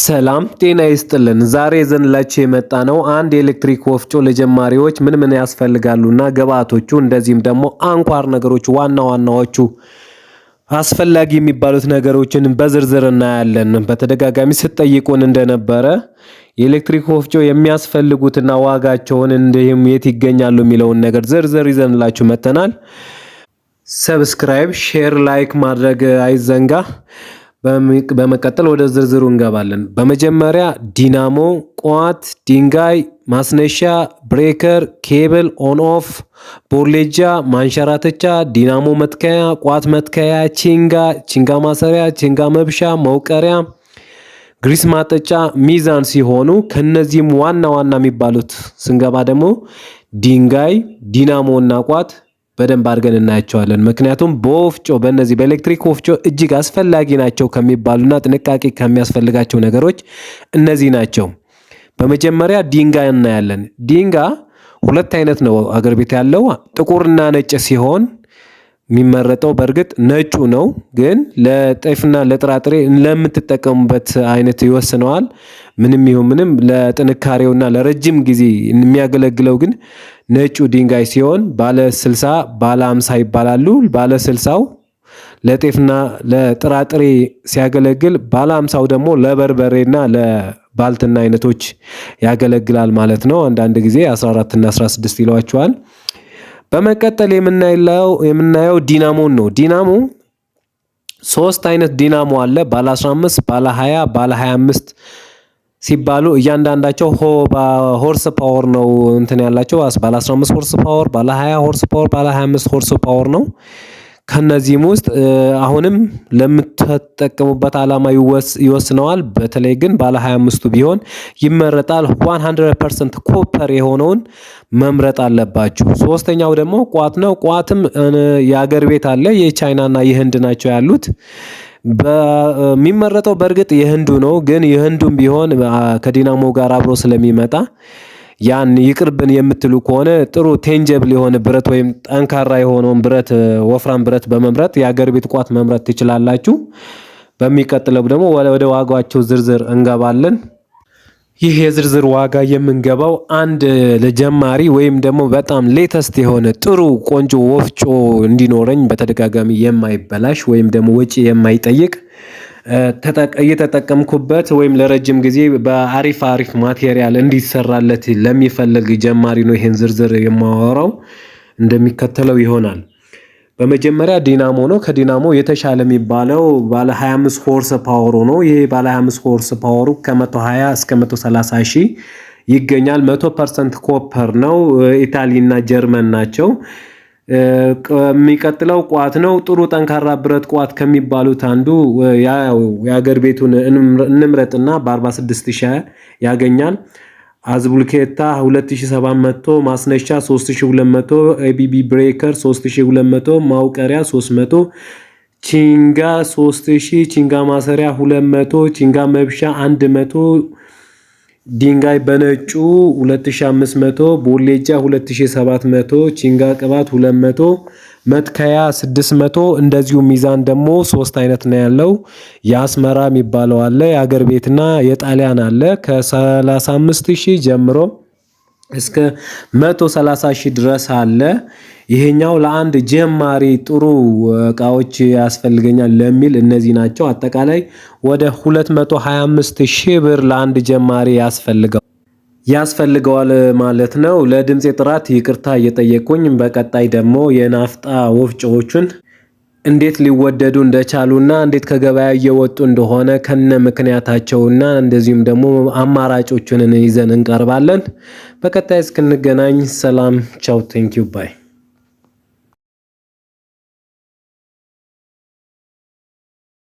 ሰላም ጤና ይስጥልን። ዛሬ ዘንላችሁ የመጣ ነው አንድ የኤሌክትሪክ ወፍጮ ለጀማሪዎች ምን ምን ያስፈልጋሉና ግብአቶቹ፣ እንደዚህም ደግሞ አንኳር ነገሮች ዋና ዋናዎቹ አስፈላጊ የሚባሉት ነገሮችን በዝርዝር እናያለን። በተደጋጋሚ ስትጠይቁን እንደነበረ የኤሌክትሪክ ወፍጮ የሚያስፈልጉትና ዋጋቸውን እንዲሁም የት ይገኛሉ የሚለውን ነገር ዝርዝር ይዘንላችሁ መጥተናል። ሰብስክራይብ፣ ሼር፣ ላይክ ማድረግ አይዘንጋ። በመቀጠል ወደ ዝርዝሩ እንገባለን። በመጀመሪያ ዲናሞ፣ ቋት፣ ድንጋይ፣ ማስነሻ፣ ብሬከር፣ ኬብል፣ ኦን ኦፍ፣ ቦርሌጃ፣ ማንሸራተቻ፣ ዲናሞ መትከያ፣ ቋት መትከያ፣ ቺንጋ፣ ቺንጋ ማሰሪያ፣ ቺንጋ መብሻ፣ መውቀሪያ፣ ግሪስ ማጠጫ፣ ሚዛን ሲሆኑ ከነዚህም ዋና ዋና የሚባሉት ስንገባ ደግሞ ድንጋይ፣ ዲናሞ እና ቋት በደንብ አድርገን እናያቸዋለን። ምክንያቱም በወፍጮ በእነዚህ በኤሌክትሪክ ወፍጮ እጅግ አስፈላጊ ናቸው ከሚባሉና ጥንቃቄ ከሚያስፈልጋቸው ነገሮች እነዚህ ናቸው። በመጀመሪያ ዲንጋ እናያለን። ዲንጋ ሁለት አይነት ነው አገር ቤት ያለው ጥቁርና ነጭ ሲሆን የሚመረጠው በእርግጥ ነጩ ነው፣ ግን ለጤፍና ለጥራጥሬ ለምትጠቀሙበት አይነት ይወስነዋል። ምንም ይሁን ምንም ለጥንካሬውና ለረጅም ጊዜ የሚያገለግለው ግን ነጩ ድንጋይ ሲሆን ባለ ስልሳ ባለ አምሳ ይባላሉ። ባለ ስልሳው ለጤፍና ለጥራጥሬ ሲያገለግል፣ ባለ አምሳው ደግሞ ለበርበሬና ለባልትና አይነቶች ያገለግላል ማለት ነው። አንዳንድ ጊዜ 14 እና 16 ይለዋቸዋል። በመቀጠል የምናየው ዲናሞን ነው። ዲናሞ ሶስት አይነት ዲናሞ አለ። ባለ 15፣ ባለ 20፣ ባለ 25 ሲባሉ እያንዳንዳቸው ሆርስ ፓወር ነው እንትን ያላቸው ባለ 15 ሆርስ ፓወር፣ ባለ 20 ሆርስ ፓወር፣ ባለ 25 ሆርስ ፓወር ነው። ከነዚህም ውስጥ አሁንም ለምትጠቀሙበት ዓላማ ይወስነዋል። በተለይ ግን ባለ 25ቱ ቢሆን ይመረጣል። 100% ኮፐር የሆነውን መምረጥ አለባችሁ። ሶስተኛው ደግሞ ቋት ነው። ቋትም የአገር ቤት አለ፣ የቻይናና የህንድ ናቸው ያሉት በሚመረጠው በእርግጥ የህንዱ ነው። ግን የህንዱም ቢሆን ከዲናሞ ጋር አብሮ ስለሚመጣ ያን ይቅርብን የምትሉ ከሆነ ጥሩ ቴንጀብል የሆነ ብረት ወይም ጠንካራ የሆነውን ብረት ወፍራም ብረት በመምረጥ የአገር ቤት ቋት መምረጥ ትችላላችሁ። በሚቀጥለው ደግሞ ወደ ዋጋቸው ዝርዝር እንገባለን። ይህ የዝርዝር ዋጋ የምንገባው አንድ ለጀማሪ ወይም ደግሞ በጣም ሌተስት የሆነ ጥሩ ቆንጆ ወፍጮ እንዲኖረኝ በተደጋጋሚ የማይበላሽ ወይም ደግሞ ወጪ የማይጠይቅ እየተጠቀምኩበት ወይም ለረጅም ጊዜ በአሪፍ አሪፍ ማቴሪያል እንዲሰራለት ለሚፈልግ ጀማሪ ነው ይህን ዝርዝር የማወራው እንደሚከተለው ይሆናል። በመጀመሪያ ዲናሞ ነው። ከዲናሞ የተሻለ የሚባለው ባለ 25 ሆርስ ፓወሩ ነው። ይሄ ባለ 25 ሆርስ ፓወሩ ከ120 እስከ 130 ሺህ ይገኛል። 100% ኮፐር ነው። ኢታሊና ጀርመን ናቸው። የሚቀጥለው ቋት ነው። ጥሩ ጠንካራ ብረት ቋት ከሚባሉት አንዱ የአገር ቤቱን እንምረጥና በ46000 ያገኛል። አዝቡልኬታ 2700 ማስነሻ 3200 ኤቢቢ ብሬከር 3200 ማውቀሪያ 300 ቺንጋ 3000 ቺንጋ ማሰሪያ 200 ቺንጋ መብሻ 100 ድንጋይ በነጩ 2500 ቦሌጃ 2700 ቺንጋ ቅባት 200 መትከያ 600 እንደዚሁ ሚዛን ደግሞ ሶስት አይነት ነው ያለው። የአስመራ የሚባለው አለ፣ የአገር ቤትና የጣሊያን አለ። ከ35 ሺህ ጀምሮ እስከ 130 ሺህ ድረስ አለ። ይሄኛው ለአንድ ጀማሪ ጥሩ እቃዎች ያስፈልገኛል ለሚል እነዚህ ናቸው። አጠቃላይ ወደ 225 ሺህ ብር ለአንድ ጀማሪ ያስፈልጋል። ያስፈልገዋል ማለት ነው። ለድምፅ ጥራት ይቅርታ እየጠየቁኝ በቀጣይ ደግሞ የናፍጣ ወፍጮዎቹን እንዴት ሊወደዱ እንደቻሉና እንዴት ከገበያ እየወጡ እንደሆነ ከነ ምክንያታቸውና እንደዚሁም ደግሞ አማራጮቹን ይዘን እንቀርባለን። በቀጣይ እስክንገናኝ ሰላም፣ ቻው፣ ቴንኪዩ ባይ